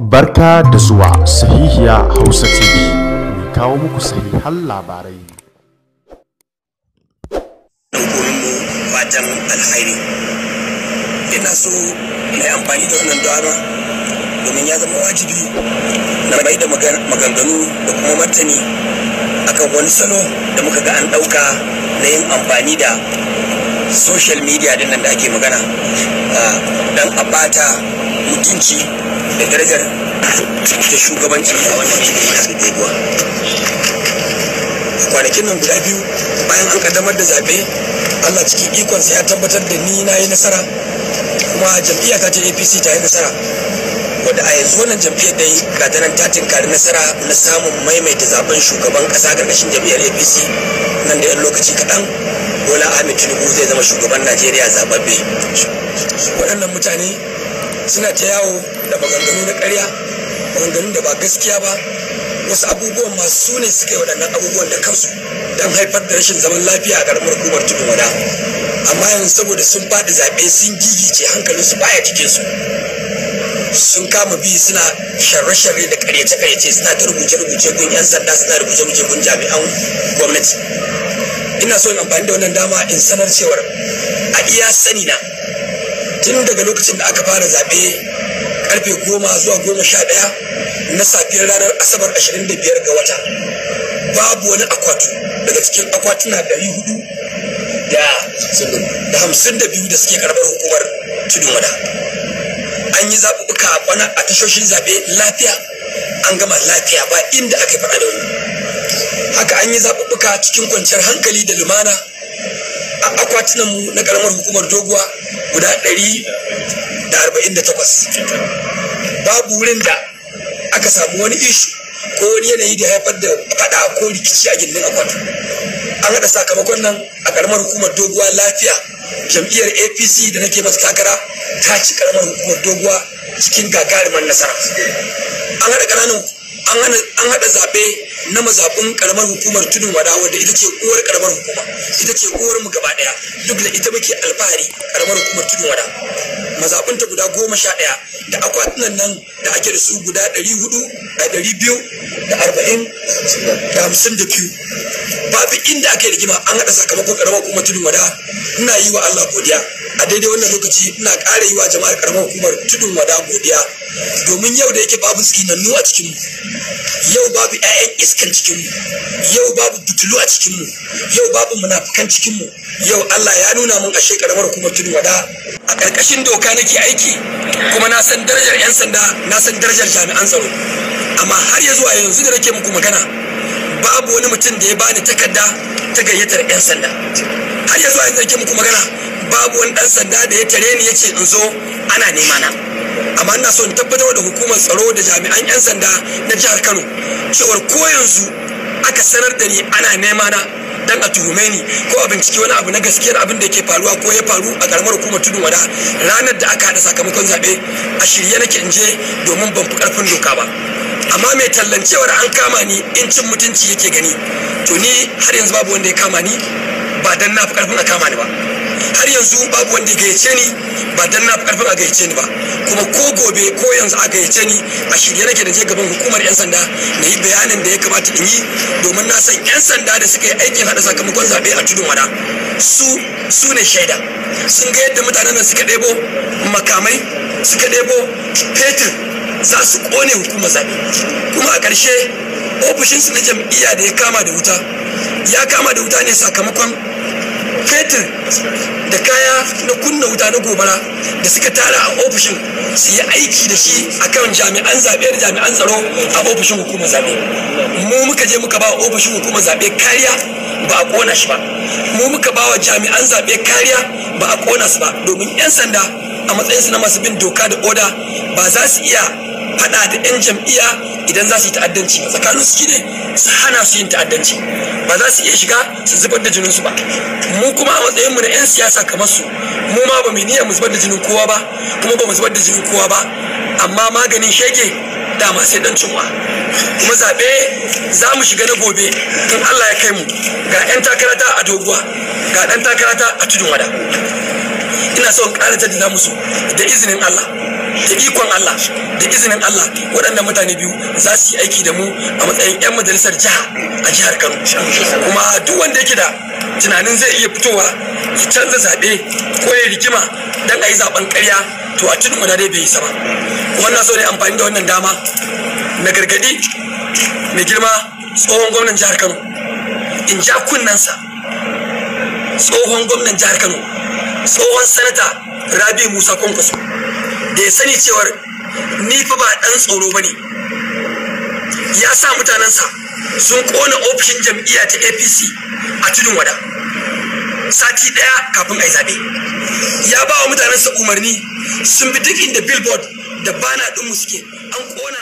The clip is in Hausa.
Barka da zuwa sahihiya Hausa TV mai kawo muku sahihan labarai. Don fatan alkhairi. Ina so na yi amfani da wannan dama domin ya zama wajibi na mai da maganganu da kuma martani akan wani salo da muka ga an ɗauka na yin amfani da social media din nan da ake magana ah, don a bata mutunci da darajar ta shugabanci a wannan shekarar da guwa kwanakin nan guda biyu bayan an kaddamar da zaɓe allah cikin ikonsa ya tabbatar da ni na yi nasara kuma jam'iyya ta ce apc ta yi nasara wadda a yanzu wannan jam'iyyar da ga ta nan ta tinkari nasara na samun maimaita zaben shugaban ƙasa ƙarƙashin jam'iyyar apc nan da yan lokaci kaɗan bola ahmed tinubu zai zama shugaban najeriya zababbe waɗannan mutane suna ta yawo da maganganu na karya maganganu da ba gaskiya ba wasu abubuwan masu ne suka yi waɗannan abubuwan da kansu don haifar da rashin zaman lafiya a ƙaramar hukumar tudu wada amma yanzu saboda sun faɗi zaɓe sun gigice su baya su. sun kama bi suna sharre-sharre da ƙaryace-ƙaryace suna ta rubuce-rubuce gun 'yan sanda suna rubuce-rubuce gun jami'an gwamnati ina so in amfani da wannan dama in sanar cewar a iya sani na tun daga lokacin da aka fara zaɓe karfe goma zuwa goma sha ɗaya na safiyar ranar asabar ashirin da biyar ga wata babu wani akwatu daga cikin akwatuna ɗari hudu da hamsin da biyu da suke karɓar hukumar tudun wada an yi zaɓuɓɓuka a kwana a tashoshin zaɓe lafiya an gama lafiya ba inda aka yi faɗa da wani haka an yi zaɓuɓɓuka cikin kwanciyar hankali da lumana a akwatunanmu na ƙaramar hukumar doguwa guda ɗari da arba'in da takwas babu wurin da aka samu wani ishu ko wani yanayi da haifar da fada ko rikici a gindin akwati an haɗa sakamakon nan a karamar hukumar doguwa lafiya jam'iyyar apc da nake masu takara ta ci karamar hukumar doguwa cikin gagarumar nasara an haɗa ƙananan an haɗa zaɓe na mazaɓin karamar hukumar tudun wada wadda ita ce uwar karamar hukuma ita ce uwar mu gaba ɗaya duk da ita muke alfahari karamar hukumar tudun wada mazaɓin ta guda goma sha ɗaya da akwatunan nan da ake da su guda ɗari hudu da ɗari biyu da arba'in da hamsin da biyu babu inda aka yi rigima an haɗa sakamakon karamar hukumar tudun wada ina yi wa Allah godiya a daidai wannan lokaci ina ƙara yi wa jama'ar karamar hukumar tudun wada godiya domin yau da yake babu tsinannu a cikinmu yau babu 'ya'yan iskan cikinmu yau babu dutulu a cikinmu yau babu munafukan cikinmu yau Allah ya nuna mun ashe karamar hukumar tudun wada a ƙarƙashin doka nake aiki kuma na san darajar 'yan sanda na san darajar jami'an tsaro amma har ya zuwa yanzu da nake muku magana babu wani mutum da ya bani takarda ta gayyatar 'yan sanda har ya zuwa yanzu nake muku magana babu wani dan sanda da ya tare ni ya ce in zo ana nema na amma ina so in tabbatar da hukumar tsaro da jami'an 'yan sanda na jihar kano cewar ko yanzu aka sanar da ni ana nema na dan a tuhume ni ko a bincike wani abu na gaskiyar abin da yake faruwa ko ya faru a karamar hukumar tudun wada ranar da aka hada sakamakon zaɓe a shirye nake in je domin ban fi ƙarfin doka ba amma mai tallancewar an kama ni in cin mutunci yake gani to ni har yanzu babu wanda ya kama ni ba dan na fi ƙarfin a kama ni ba har yanzu babu wanda gayyace ni ba dan na karfin a gayyace ni ba kuma ko gobe ko yanzu a gayyace ni a shirye nake da je gaban hukumar yan sanda na yi bayanin da ya kamata in yi domin na san yan sanda da suka yi aikin hada sakamakon zaɓe a tudun wada su su ne shaida sun ga yadda mutanen nan suka ɗebo makamai suka ɗebo fetur za su ƙone hukumar zaɓe kuma a ƙarshe ofishinsu na jam'iyya da ya kama da wuta ya kama da wuta ne sakamakon fetur da kaya na kunna wuta na gobara da suka tara a ofishin su yi aiki da shi akan jami'an zaɓe da jami'an tsaro a ofishin hukumar zaɓe mu muka je muka ba ofishin hukumar zaɓe kariya ba a kona shi ba mu muka ba wa jami'an zaɓe kariya ba a kona su ba domin 'yan sanda a matsayinsu na masu bin doka da oda ba za su iya faɗa da 'yan jam'iyya idan za su yi ta'addanci tsakanin su ne su hana su yin ta'addanci ba za su iya shiga su zubar da su ba mu kuma a matsayin mu na 'yan siyasa kamar su mu ma ba mu niyyar mu zubar da jinin kowa ba kuma ba mu zubar da jinin kowa ba amma maganin shege dama sai dan cinwa kuma zaɓe za mu shiga na gobe in Allah ya kai mu ga 'yan takarata a doguwa ga ɗan takarata a tudun wada ina son ƙara jaddada musu da izinin Allah da ikon Allah da izinin Allah waɗanda mutane biyu za su yi aiki da mu a matsayin 'yan majalisar jiha a jihar Kano kuma duk wanda yake da tunanin zai iya fitowa ya canza zaɓe ko ya rigima don a yi zaɓen karya, to a tudun wani ya bai yi sama wannan so ne amfani da wannan dama na gargaɗi mai girma tsohon gwamnan jihar Kano in ja kunnensa tsohon gwamnan jihar Kano tsohon sanata Rabi Musa Kwankwaso da sani cewar ni fa ba dan tsoro bane ya sa mutanensa sun kona ofishin jam'iyya ta apc a tudun wada sati daya kafin a yi zaɓe ya ba wa mutanensa umarni sun bi duk inda billboard da bana ɗinmu suke an kona